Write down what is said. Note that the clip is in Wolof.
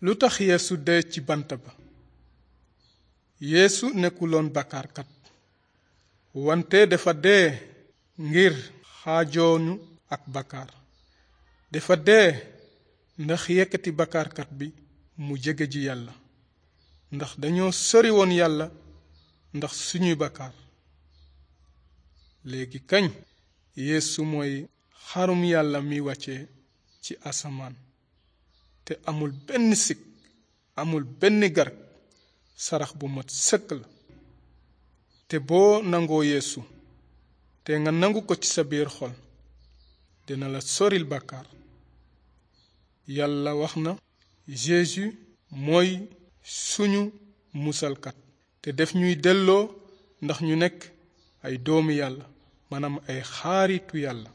lu tax yeesu dee ci bant ba yéesu nekkuloon bàkkaarkat wante dafa dee ngir xaajoonu ak bàkkaar dafa dee ndax yekkati bàkkaarkat bi mu jege ji yàlla ndax dañoo sori woon yàlla ndax suñu bàkkaar léegi kañ yeesu mooy xarum yàlla mi wàcce ci asamaan te amul benn sikk amul benn garab sarax bu ma sëkk la te boo nangoo yéesu te nga nangu ko ci sa biir xol dina la soril bàkkaar yàlla wax na Jésus mooy suñu musalkat te def ñuy delloo ndax ñu nekk ay doomu yàlla maanaam ay xaaritu yàlla